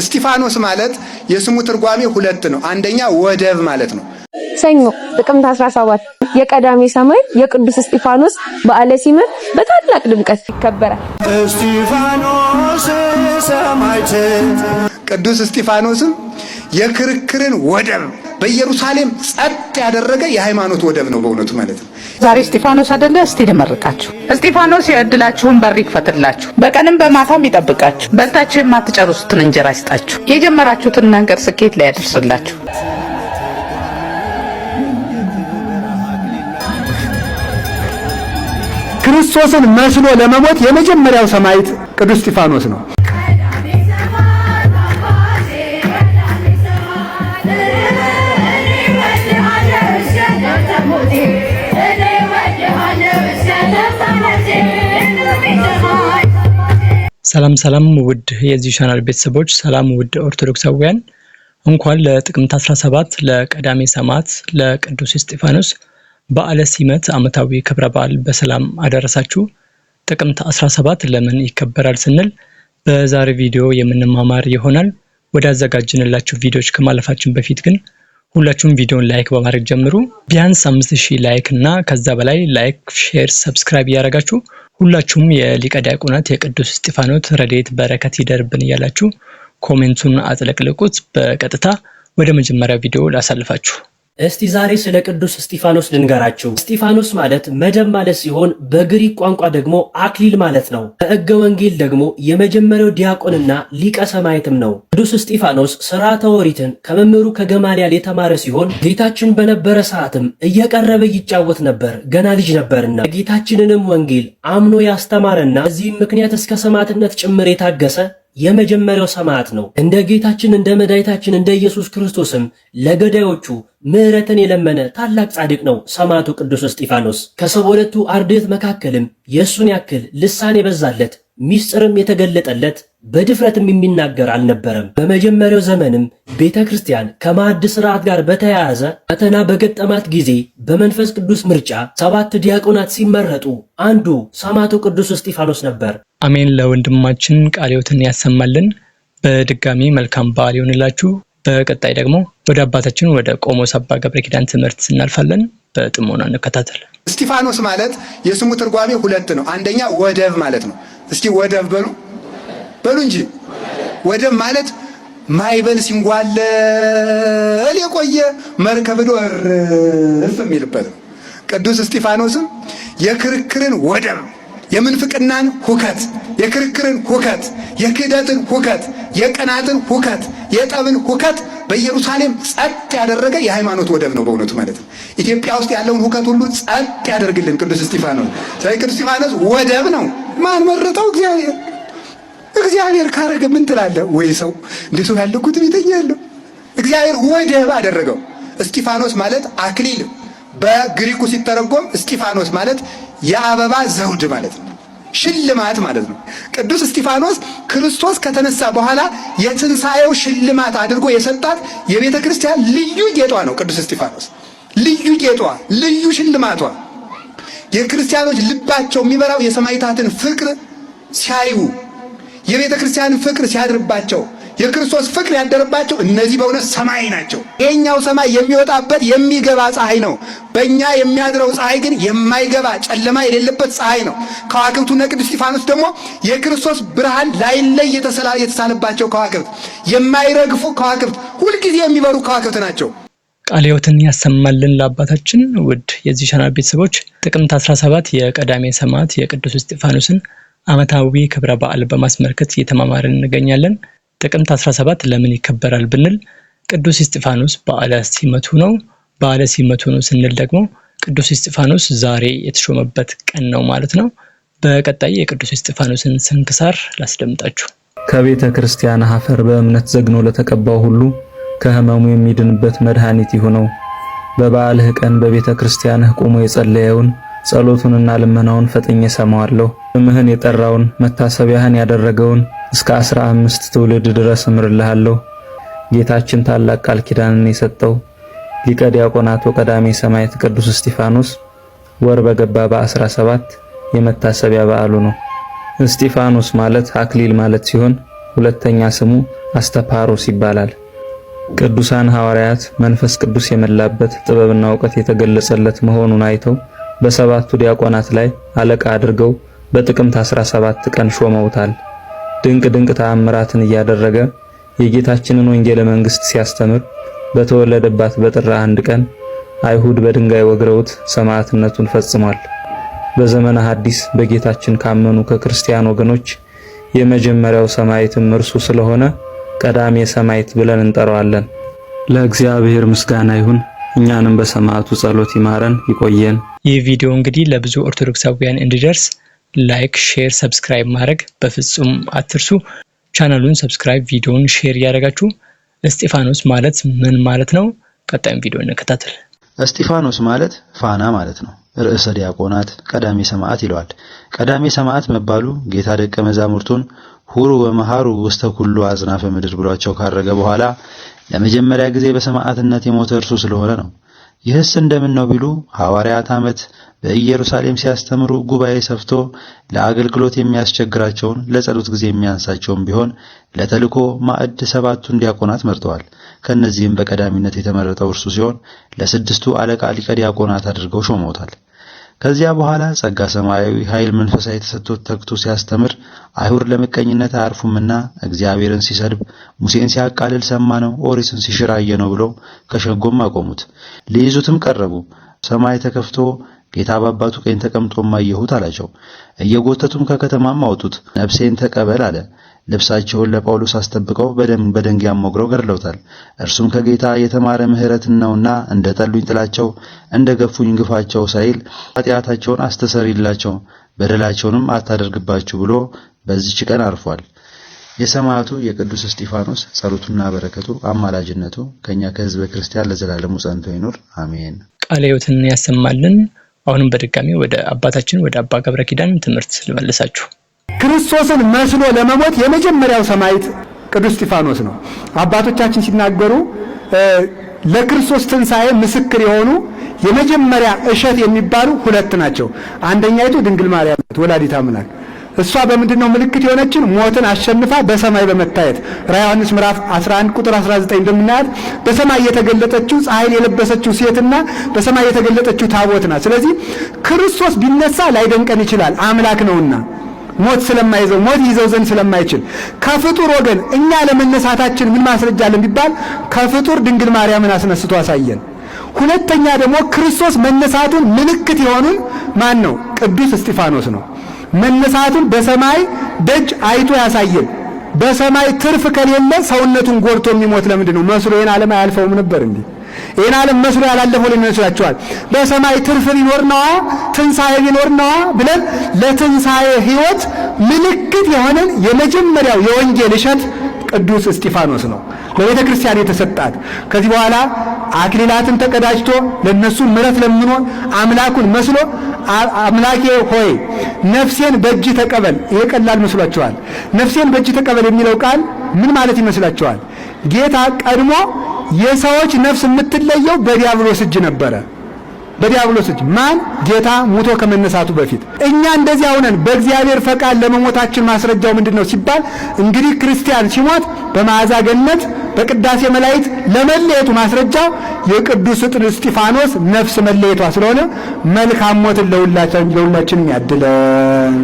እስጢፋኖስ ማለት የስሙ ትርጓሜ ሁለት ነው። አንደኛ ወደብ ማለት ነው። ሰኞ ጥቅምት 17 የቀዳሜ ሰማይ የቅዱስ እስጢፋኖስ በዓለ ሲምር በታላቅ ድምቀት ይከበራል። እስጢፋኖስ ሰማዕት ቅዱስ እስጢፋኖስም የክርክርን ወደብ በኢየሩሳሌም ጸጥ ያደረገ የሃይማኖት ወደብ ነው በእውነቱ ማለት ነው። ዛሬ እስጢፋኖስ አደለ እስቲ ልመርቃችሁ። እስጢፋኖስ የእድላችሁን በር ይክፈትላችሁ፣ በቀንም በማታም ይጠብቃችሁ፣ በልታችሁ የማትጨርሱትን እንጀራ ይስጣችሁ፣ የጀመራችሁትን ነገር ስኬት ላይ ያደርስላችሁ። ክርስቶስን መስሎ ለመሞት የመጀመሪያው ሰማዕት ቅዱስ እስጢፋኖስ ነው። ሰላም ሰላም ውድ የዚህ ቻናል ቤተሰቦች፣ ሰላም ውድ ኦርቶዶክሳውያን፣ እንኳን ለጥቅምት 17 ለቀዳሜ ሰማዕት ለቅዱስ እስጢፋኖስ በዓለ ሲመት ዓመታዊ ክብረ በዓል በሰላም አደረሳችሁ። ጥቅምት 17 ለምን ይከበራል ስንል በዛሬ ቪዲዮ የምንማማር ይሆናል። ወደ አዘጋጅንላችሁ ቪዲዮዎች ከማለፋችን በፊት ግን ሁላችሁም ቪዲዮን ላይክ በማድረግ ጀምሩ። ቢያንስ 5000 ላይክ እና ከዛ በላይ ላይክ፣ ሼር፣ ሰብስክራይብ እያደረጋችሁ ሁላችሁም የሊቀ ዲያቆናት የቅዱስ እስጢፋኖት ረድኤት በረከት ይደርብን እያላችሁ ኮሜንቱን አጥለቅልቁት። በቀጥታ ወደ መጀመሪያ ቪዲዮ ላሳልፋችሁ። እስቲ ዛሬ ስለ ቅዱስ እስጢፋኖስ ልንገራችሁ። እስጢፋኖስ ማለት መደብ ማለት ሲሆን በግሪክ ቋንቋ ደግሞ አክሊል ማለት ነው። በሕገ ወንጌል ደግሞ የመጀመሪያው ዲያቆንና ሊቀ ሰማዕትም ነው። ቅዱስ እስጢፋኖስ ሥርዓተ ኦሪትን ከመምህሩ ከገማልያል የተማረ ሲሆን ጌታችን በነበረ ሰዓትም እየቀረበ ይጫወት ነበር። ገና ልጅ ነበርና የጌታችንንም ወንጌል አምኖ ያስተማረና በዚህም ምክንያት እስከ ሰማዕትነት ጭምር የታገሰ የመጀመሪያው ሰማዕት ነው። እንደ ጌታችን እንደ መድኃኒታችን እንደ ኢየሱስ ክርስቶስም ለገዳዮቹ ምሕረትን የለመነ ታላቅ ጻድቅ ነው ሰማዕቱ ቅዱስ እስጢፋኖስ። ከሰው ሁለቱ አርድእት መካከልም የእሱን ያክል ልሳን የበዛለት ሚስጥርም የተገለጠለት በድፍረትም የሚናገር አልነበረም። በመጀመሪያው ዘመንም ቤተ ክርስቲያን ከማዕድ ስርዓት ጋር በተያያዘ ፈተና በገጠማት ጊዜ በመንፈስ ቅዱስ ምርጫ ሰባት ዲያቆናት ሲመረጡ አንዱ ሰማዕቱ ቅዱስ እስጢፋኖስ ነበር። አሜን ለወንድማችን ቃለ ያሰማልን። በድጋሚ መልካም በዓል ይሆንላችሁ። በቀጣይ ደግሞ ወደ አባታችን ወደ ቆሞስ አባ ገብረ ኪዳን ትምህርት ስናልፋለን በጥሞና እንከታተል። እስጢፋኖስ ማለት የስሙ ትርጓሜ ሁለት ነው። አንደኛ ወደብ ማለት ነው። እስኪ ወደብ በሉ በሉ እንጂ ወደብ ማለት ማይበል ሲንጓለል የቆየ መርከብ ዶርፍ የሚልበት ቅዱስ እስጢፋኖስም የክርክርን ወደብ የምንፍቅናን ሁከት፣ የክርክርን ሁከት፣ የክህደትን ሁከት፣ የቀናትን ሁከት፣ የጠብን ሁከት በኢየሩሳሌም ጸጥ ያደረገ የሃይማኖት ወደብ ነው። በእውነቱ ማለት ነው። ኢትዮጵያ ውስጥ ያለውን ሁከት ሁሉ ጸጥ ያደርግልን ቅዱስ እስጢፋኖስ። ስለዚህ ቅዱስ እስጢፋኖስ ወደብ ነው። ማን መረጠው? እግዚአብሔር። እግዚአብሔር ካረገ ምን ትላለ? ወይ ሰው እንደ ሰው ይተኛለሁ። እግዚአብሔር ወደብ አደረገው። እስጢፋኖስ ማለት አክሊል በግሪኩ ሲተረጎም እስጢፋኖስ ማለት የአበባ ዘውድ ማለት ነው፣ ሽልማት ማለት ነው። ቅዱስ እስጢፋኖስ ክርስቶስ ከተነሳ በኋላ የትንሣኤው ሽልማት አድርጎ የሰጣት የቤተ ክርስቲያን ልዩ ጌጧ ነው። ቅዱስ እስጢፋኖስ ልዩ ጌጧ፣ ልዩ ሽልማቷ የክርስቲያኖች ልባቸው የሚበራው የሰማይታትን ፍቅር ሲያዩ የቤተ ክርስቲያንን ፍቅር ሲያድርባቸው የክርስቶስ ፍቅር ያደረባቸው እነዚህ በእውነት ሰማይ ናቸው። ይሄኛው ሰማይ የሚወጣበት የሚገባ ፀሐይ ነው። በእኛ የሚያድረው ፀሐይ ግን የማይገባ ጨለማ የሌለበት ፀሐይ ነው። ከዋክብቱና ቅዱስ እስጢፋኖስ ደግሞ የክርስቶስ ብርሃን ላይለይ የተሳለባቸው ከዋክብት፣ የማይረግፉ ከዋክብት፣ ሁልጊዜ የሚበሩ ከዋክብት ናቸው። ቃለ ሕይወትን ያሰማልን ለአባታችን። ውድ የዚህ ቻናል ቤተሰቦች ጥቅምት 17 የቀዳሜ ሰማዕት የቅዱስ እስጢፋኖስን ዓመታዊ ክብረ በዓል በማስመልከት እየተማማርን እንገኛለን። ጥቅምት 17 ለምን ይከበራል ብንል ቅዱስ እስጢፋኖስ በዓለ ሲመቱ ነው። በዓለ ሲመቱ ነው ስንል ደግሞ ቅዱስ እስጢፋኖስ ዛሬ የተሾመበት ቀን ነው ማለት ነው። በቀጣይ የቅዱስ እስጢፋኖስን ስንክሳር ላስደምጣችሁ። ከቤተ ክርስቲያን አፈር በእምነት ዘግኖ ለተቀባው ሁሉ ከህመሙ የሚድንበት መድኃኒት ይሁነው። በበዓልህ ቀን በቤተ ክርስቲያንህ ቆሞ የጸለየውን ጸሎቱንና ልመናውን ፈጥኜ ሰማዋለሁ። ስምህን የጠራውን መታሰቢያህን ያደረገውን እስከ አስራ አምስት ትውልድ ድረስ እምርልሃለሁ። ጌታችን ታላቅ ቃል ኪዳንን የሰጠው ሊቀ ዲያቆናቱ ቀዳሜ ሰማዕት ቅዱስ እስጢፋኖስ ወር በገባ በአስራ ሰባት የመታሰቢያ በዓሉ ነው። እስጢፋኖስ ማለት አክሊል ማለት ሲሆን ሁለተኛ ስሙ አስተፓሮስ ይባላል። ቅዱሳን ሐዋርያት መንፈስ ቅዱስ የመላበት ጥበብና እውቀት የተገለጸለት መሆኑን አይተው በሰባቱ ዲያቆናት ላይ አለቃ አድርገው በጥቅምት 17 ቀን ሾመውታል። ድንቅ ድንቅ ተአምራትን እያደረገ የጌታችንን ወንጌለ መንግስት ሲያስተምር በተወለደባት በጥር አንድ ቀን አይሁድ በድንጋይ ወግረውት ሰማዕትነቱን ፈጽሟል። በዘመነ ሐዲስ በጌታችን ካመኑ ከክርስቲያን ወገኖች የመጀመሪያው ሰማዕትም እርሱ ስለሆነ ቀዳሜ ሰማዕት ብለን እንጠራዋለን። ለእግዚአብሔር ምስጋና ይሁን። እኛንም በሰማዕቱ ጸሎት ይማረን ይቆየን። ይህ ቪዲዮ እንግዲህ ለብዙ ኦርቶዶክሳውያን እንዲደርስ ላይክ፣ ሼር፣ ሰብስክራይብ ማድረግ በፍጹም አትርሱ። ቻናሉን ሰብስክራይብ፣ ቪዲዮውን ሼር እያደረጋችሁ እስጢፋኖስ ማለት ምን ማለት ነው? ቀጣይም ቪዲዮ እንከታተል። እስጢፋኖስ ማለት ፋና ማለት ነው። ርዕሰ ዲያቆናት ቀዳሜ ሰማዕት ይለዋል። ቀዳሜ ሰማዕት መባሉ ጌታ ደቀ መዛሙርቱን ሁሩ በመሃሩ ውስተ ኩሉ አጽናፈ ምድር ብሏቸው ካረገ በኋላ ለመጀመሪያ ጊዜ በሰማዕትነት የሞተ እርሱ ስለሆነ ነው። ይህስ እንደምን ነው ቢሉ ሐዋርያት ዓመት በኢየሩሳሌም ሲያስተምሩ ጉባኤ ሰፍቶ ለአገልግሎት የሚያስቸግራቸውን ለጸሎት ጊዜ የሚያንሳቸው ቢሆን ለተልኮ ማዕድ ሰባቱን ዲያቆናት መርጠዋል። ከእነዚህም በቀዳሚነት የተመረጠው እርሱ ሲሆን ለስድስቱ አለቃ ሊቀ ዲያቆናት አድርገው ሾመውታል። ከዚያ በኋላ ጸጋ ሰማያዊ ኃይል መንፈሳዊ ተሰጥቶት ተግቶ ሲያስተምር አይሁድ ለምቀኝነት አያርፉምና እግዚአብሔርን ሲሰድብ ሙሴን ሲያቃልል ሰማ ነው ኦሪስን ሲሽራየ ነው ብለው ከሸጎም አቆሙት። ሊይዙትም ቀረቡ። ሰማይ ተከፍቶ ጌታ በአባቱ ቀኝ ተቀምጦማ አየሁት አላቸው። እየጎተቱም ከከተማም አወጡት። ነፍሴን ተቀበል አለ። ልብሳቸውን ለጳውሎስ አስጠብቀው በደንግ አሞግረው ገድለውታል። እርሱም ከጌታ የተማረ ምሕረትን ነውና እንደ ጠሉኝ ጥላቸው፣ እንደ ገፉኝ ግፋቸው ሳይል ኃጢአታቸውን አስተሰሪላቸው፣ በደላቸውንም አታደርግባችሁ ብሎ በዚች ቀን አርፏል። የሰማዕቱ የቅዱስ እስጢፋኖስ ጸሎቱና በረከቱ አማላጅነቱ ከኛ ከሕዝበ ክርስቲያን ለዘላለሙ ጸንቶ ይኑር አሜን። ቃለ ሕይወትን ያሰማልን። አሁንም በድጋሚ ወደ አባታችን ወደ አባ ገብረ ኪዳን ትምህርት ልመልሳችሁ። ክርስቶስን መስሎ ለመሞት የመጀመሪያው ሰማዕት ቅዱስ እስጢፋኖስ ነው። አባቶቻችን ሲናገሩ ለክርስቶስ ትንሣኤ ምስክር የሆኑ የመጀመሪያ እሸት የሚባሉ ሁለት ናቸው። አንደኛይቱ ድንግል ማርያም ወላዲተ አምላክ እሷ በምንድነው ምልክት የሆነችን? ሞትን አሸንፋ በሰማይ በመታየት ራዕየ ዮሐንስ ምዕራፍ 11 ቁጥር 19 እንደምናያት በሰማይ የተገለጠችው ፀሐይን የለበሰችው ሴትና በሰማይ የተገለጠችው ታቦት ናት። ስለዚህ ክርስቶስ ቢነሳ ላይደንቀን ይችላል፣ አምላክ ነውና ሞት ስለማይዘው ሞት ይዘው ዘንድ ስለማይችል ከፍጡር ወገን እኛ ለመነሳታችን ምን ማስረጃ አለን ቢባል ከፍጡር ድንግል ማርያምን አስነስቶ አሳየን። ሁለተኛ ደግሞ ክርስቶስ መነሳቱን ምልክት የሆኑን ማን ነው? ቅዱስ እስጢፋኖስ ነው። መነሳቱን በሰማይ ደጅ አይቶ ያሳየን። በሰማይ ትርፍ ከሌለ ሰውነቱን ጎድቶ የሚሞት ለምንድን ነው? መስሎ ይህን ዓለም አያልፈውም ነበር እንዲህ ይህን ዓለም መስሎ ያላለፈ ለምን ይመስላችኋል? በሰማይ ትርፍ ቢኖር ነዋ ትንሣኤ ቢኖር ነዋ ብለን ለትንሣኤ ሕይወት ምልክት የሆነን የመጀመሪያው የወንጌል እሸት ቅዱስ እስጢፋኖስ ነው ለቤተ ክርስቲያን የተሰጣት። ከዚህ በኋላ አክሊላትን ተቀዳጅቶ ለነሱ ምረት ለምኖ አምላኩን መስሎ አምላኬ ሆይ ነፍሴን በእጅ ተቀበል። ይሄ ቀላል መስሏቸዋል። ነፍሴን በእጅ ተቀበል የሚለው ቃል ምን ማለት ይመስላቸዋል? ጌታ ቀድሞ የሰዎች ነፍስ የምትለየው በዲያብሎስ እጅ ነበረ። በዲያብሎስ እጅ ማን? ጌታ ሙቶ ከመነሳቱ በፊት። እኛ እንደዚህ አሁነን በእግዚአብሔር ፈቃድ ለመሞታችን ማስረጃው ምንድን ነው ሲባል እንግዲህ ክርስቲያን ሲሞት በመዓዛ ገነት በቅዳሴ መላእክት ለመለየቱ ማስረጃ የቅዱስ እስጢፋኖስ ነፍስ መለየቷ ስለሆነ መልካም ሞትን ለሁላችን ያድለን።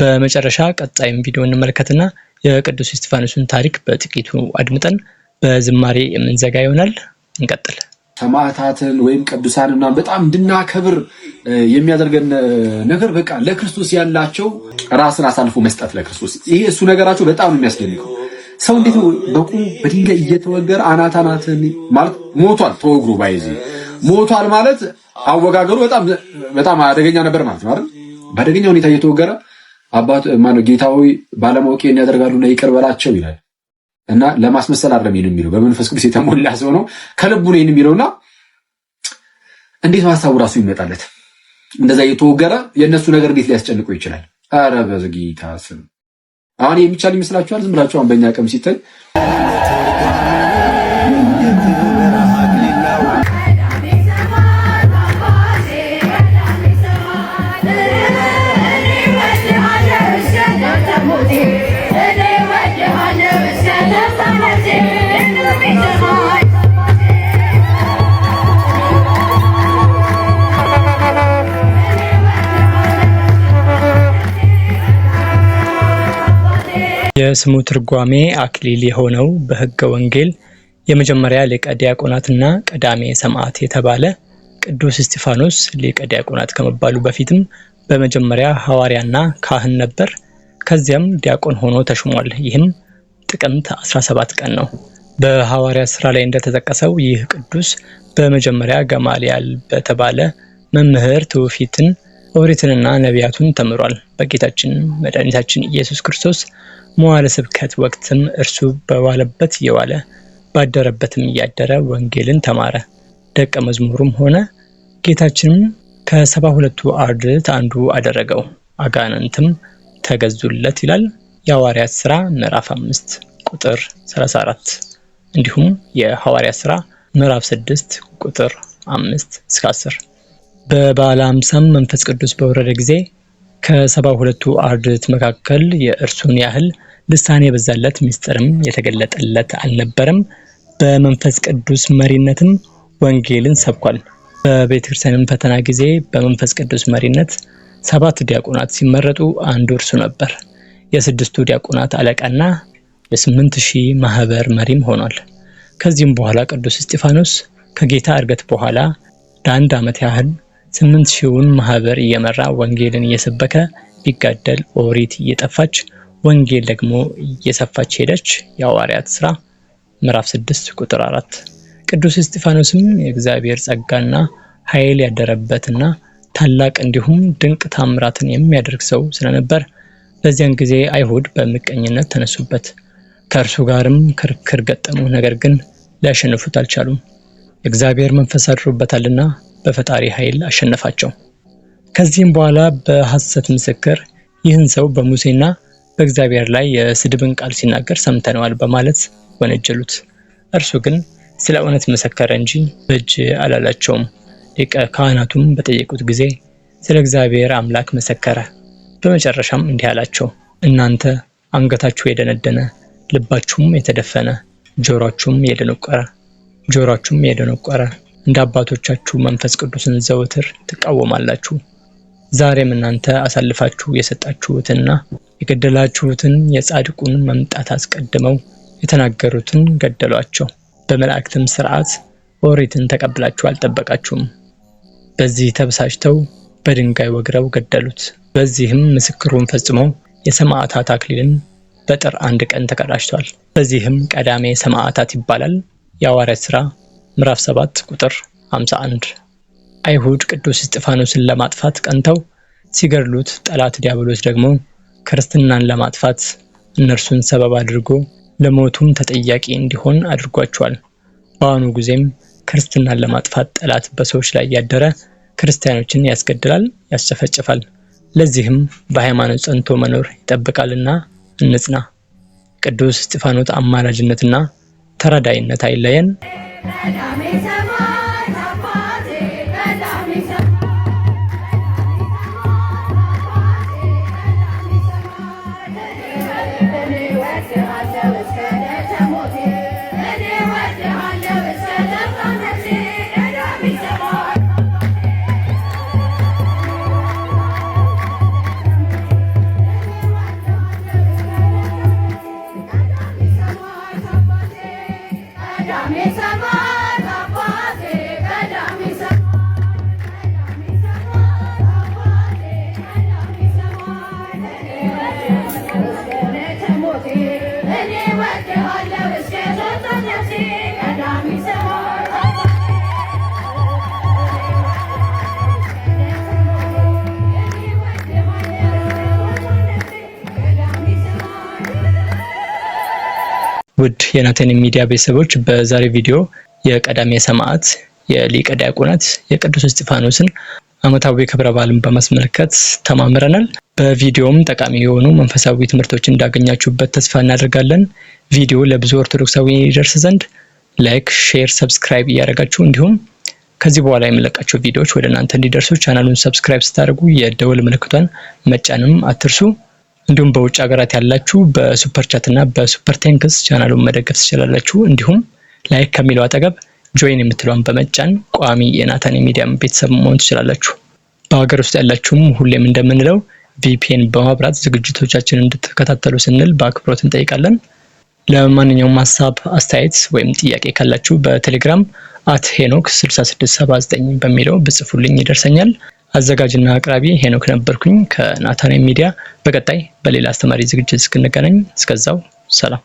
በመጨረሻ ቀጣይም ቪዲዮ እንመለከትና የቅዱስ እስጢፋኖስን ታሪክ በጥቂቱ አድምጠን በዝማሬ የምንዘጋ ይሆናል። እንቀጥል። ሰማዕታትን ወይም ቅዱሳን ምናምን በጣም እንድናከብር የሚያደርገን ነገር በቃ ለክርስቶስ ያላቸው ራስን አሳልፎ መስጠት ለክርስቶስ ይሄ እሱ ነገራቸው በጣም ነው የሚያስደንቀው። ሰው እንዴት ነው በቁም በድንጋይ እየተወገረ አናት አናትን ማለት ሞቷል፣ ተወግሮ ባይዚ ሞቷል ማለት አወጋገሩ በጣም በጣም አደገኛ ነበር ማለት ነው አይደል? በአደገኛ ሁኔታ እየተወገረ አባት ማነው ጌታዊ ባለማወቄ ያደርጋሉና ይቅር በላቸው ይላል እና ለማስመሰል አይደለም ይሄን የሚለው በመንፈስ ቅዱስ የተሞላ ሰው ነው ከልቡ ነው ይሄን የሚለውና እንዴት ሀሳቡ ራሱ ይመጣለት እንደዛ እየተወገረ የእነሱ ነገር እንዴት ሊያስጨንቆ ይችላል ኧረ በጌታ ስም አሁን የሚቻል ይመስላችኋል ዝም ብላችሁ በእኛ ቀም ሲታይ የስሙ ትርጓሜ አክሊል የሆነው በሕገ ወንጌል የመጀመሪያ ሊቀ ዲያቆናትና ቀዳሜ ሰማዕት የተባለ ቅዱስ እስጢፋኖስ ሊቀ ዲያቆናት ከመባሉ በፊትም በመጀመሪያ ሐዋርያና ካህን ነበር። ከዚያም ዲያቆን ሆኖ ተሹሟል። ይህም ጥቅምት 17 ቀን ነው። በሐዋርያ ሥራ ላይ እንደተጠቀሰው ይህ ቅዱስ በመጀመሪያ ገማልያል በተባለ መምህር ትውፊትን ኦሪትንና ነቢያቱን ተምሯል። በጌታችን መድኃኒታችን ኢየሱስ ክርስቶስ መዋለ ስብከት ወቅትም እርሱ በዋለበት የዋለ ባደረበትም እያደረ ወንጌልን ተማረ። ደቀ መዝሙሩም ሆነ። ጌታችንም ከሰባ ሁለቱ አርድእት አንዱ አደረገው፣ አጋንንትም ተገዙለት ይላል የሐዋርያት ሥራ ምዕራፍ 5 ቁጥር 34 እንዲሁም የሐዋርያት ሥራ ምዕራፍ 6 ቁጥር 5 እስከ 10 በበዓለ ሃምሳም መንፈስ ቅዱስ በወረደ ጊዜ ከሰባ ሁለቱ አርድእት መካከል የእርሱን ያህል ልሳን የበዛለት ምስጢርም የተገለጠለት አልነበረም። በመንፈስ ቅዱስ መሪነትም ወንጌልን ሰብኳል። በቤተ ፈተና ጊዜ በመንፈስ ቅዱስ መሪነት ሰባት ዲያቆናት ሲመረጡ አንዱ እርሱ ነበር። የስድስቱ ዲያቆናት አለቃና የስምንት ሺህ ማህበር መሪም ሆኗል። ከዚህም በኋላ ቅዱስ እስጢፋኖስ ከጌታ እርገት በኋላ ለአንድ ዓመት ያህል ስምንት ሺውን ማህበር እየመራ ወንጌልን እየሰበከ ቢጋደል ኦሪት እየጠፋች ወንጌል ደግሞ እየሰፋች ሄደች የሐዋርያት ሥራ ምዕራፍ 6 ቁጥር 4። ቅዱስ እስጢፋኖስም የእግዚአብሔር ጸጋና ኃይል ያደረበትና ታላቅ እንዲሁም ድንቅ ታምራትን የሚያደርግ ሰው ስለነበር በዚያን ጊዜ አይሁድ በምቀኝነት ተነሱበት። ከእርሱ ጋርም ክርክር ገጠሙ። ነገር ግን ሊያሸንፉት አልቻሉም። እግዚአብሔር መንፈስ አድሮበታልና በፈጣሪ ኃይል አሸነፋቸው። ከዚህም በኋላ በሐሰት ምስክር ይህን ሰው በሙሴና በእግዚአብሔር ላይ የስድብን ቃል ሲናገር ሰምተነዋል በማለት ወነጀሉት። እርሱ ግን ስለ እውነት መሰከረ እንጂ በእጅ አላላቸውም። ሊቀ ካህናቱም በጠየቁት ጊዜ ስለ እግዚአብሔር አምላክ መሰከረ። በመጨረሻም እንዲህ አላቸው፣ እናንተ አንገታችሁ የደነደነ ልባችሁም የተደፈነ ጆሮአችሁም የደነቆረ ጆሮአችሁም የደነቆረ እንደ አባቶቻችሁ መንፈስ ቅዱስን ዘወትር ትቃወማላችሁ። ዛሬም እናንተ አሳልፋችሁ የሰጣችሁትንና የገደላችሁትን የጻድቁን መምጣት አስቀድመው የተናገሩትን ገደሏቸው። በመላእክትም ስርዓት ኦሪትን ተቀብላችሁ አልጠበቃችሁም። በዚህ ተበሳጭተው በድንጋይ ወግረው ገደሉት። በዚህም ምስክሩን ፈጽመው የሰማዕታት አክሊልን በጥር አንድ ቀን ተቀዳጅቷል። በዚህም ቀዳሜ ሰማዕታት ይባላል። የሐዋርያት ሥራ ምዕራፍ 7 ቁጥር 51። አይሁድ ቅዱስ እስጢፋኖስን ለማጥፋት ቀንተው ሲገድሉት፣ ጠላት ዲያብሎስ ደግሞ ክርስትናን ለማጥፋት እነርሱን ሰበብ አድርጎ ለሞቱም ተጠያቂ እንዲሆን አድርጓቸዋል። በአሁኑ ጊዜም ክርስትናን ለማጥፋት ጠላት በሰዎች ላይ ያደረ ክርስቲያኖችን ያስገድላል፣ ያስጨፈጭፋል። ለዚህም በሃይማኖት ጸንቶ መኖር ይጠብቃልና እንጽና። ቅዱስ እስጢፋኖስ አማላጅነትና ተራዳይነት አይለየን። Nada me llamó. ውድ የናተን ሚዲያ ቤተሰቦች በዛሬ ቪዲዮ የቀዳሜ ሰማዕት የሊቀ ዲያቆናት የቅዱስ እስጢፋኖስን ዓመታዊ ክብረ በዓልን በማስመልከት ተማምረናል። በቪዲዮም ጠቃሚ የሆኑ መንፈሳዊ ትምህርቶች እንዳገኛችሁበት ተስፋ እናደርጋለን። ቪዲዮ ለብዙ ኦርቶዶክሳዊ ይደርስ ዘንድ ላይክ፣ ሼር፣ ሰብስክራይብ እያደረጋችሁ እንዲሁም ከዚህ በኋላ የምለቃቸው ቪዲዮዎች ወደ እናንተ እንዲደርሱ ቻናሉን ሰብስክራይብ ስታደርጉ የደወል ምልክቷን መጫንም አትርሱ። እንዲሁም በውጭ ሀገራት ያላችሁ በሱፐር ቻት እና በሱፐር ቴንክስ ቻናሉን መደገፍ ትችላላችሁ። እንዲሁም ላይክ ከሚለው አጠገብ ጆይን የምትለውን በመጫን ቋሚ የናታን የሚዲያም ቤተሰብ መሆን ትችላላችሁ። በሀገር ውስጥ ያላችሁም ሁሌም እንደምንለው ቪፒኤን በማብራት ዝግጅቶቻችን እንድትከታተሉ ስንል በአክብሮት እንጠይቃለን። ለማንኛውም ሀሳብ፣ አስተያየት ወይም ጥያቄ ካላችሁ በቴሌግራም አት ሄኖክ 6679 በሚለው ብጽፉልኝ ይደርሰኛል። አዘጋጅና አቅራቢ ሄኖክ ነበርኩኝ ከናታኔ ሚዲያ። በቀጣይ በሌላ አስተማሪ ዝግጅት እስክንገናኝ እስከዛው ሰላም።